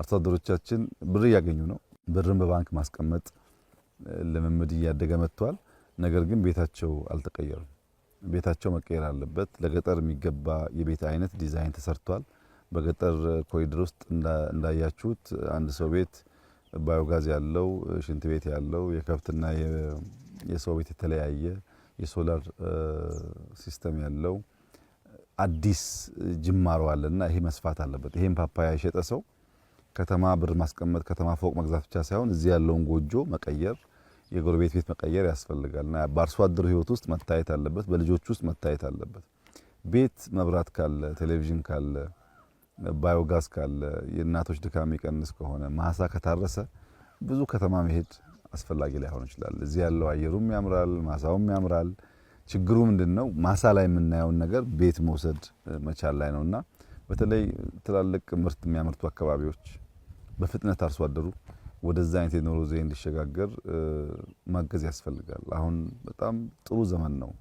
አርሶ አደሮቻችን ብር እያገኙ ነው። ብርን በባንክ ማስቀመጥ ልምምድ እያደገ መጥቷል። ነገር ግን ቤታቸው አልተቀየሩም። ቤታቸው መቀየር አለበት። ለገጠር የሚገባ የቤት አይነት ዲዛይን ተሰርቷል። በገጠር ኮሪደር ውስጥ እንዳያችሁት አንድ ሰው ቤት ባዮጋዝ ያለው ሽንት ቤት ያለው የከብትና የሰው ቤት የተለያየ የሶላር ሲስተም ያለው አዲስ ጅማሮ አለና ይሄ መስፋት አለበት። ይሄን ፓፓያ የሸጠ ሰው ከተማ ብር ማስቀመጥ ከተማ ፎቅ መግዛት ብቻ ሳይሆን እዚህ ያለውን ጎጆ መቀየር፣ የጎረቤት ቤት መቀየር ያስፈልጋል በአርሶ አደር ህይወት ውስጥ መታየት አለበት፣ በልጆች ውስጥ መታየት አለበት። ቤት መብራት ካለ፣ ቴሌቪዥን ካለ፣ ባዮጋዝ ካለ፣ የእናቶች ድካም ይቀንስ ከሆነ ማሳ ከታረሰ ብዙ ከተማ መሄድ አስፈላጊ ላይሆን ይችላል። እዚህ ያለው አየሩም ያምራል፣ ማሳውም ያምራል። ችግሩ ምንድን ነው? ማሳ ላይ የምናየውን ነገር ቤት መውሰድ መቻል ላይ ነውና በተለይ ትላልቅ ምርት የሚያመርቱ አካባቢዎች በፍጥነት አርሶ አደሩ ወደዛ አይነት የኑሮ እንዲሸጋገር ማገዝ ያስፈልጋል። አሁን በጣም ጥሩ ዘመን ነው።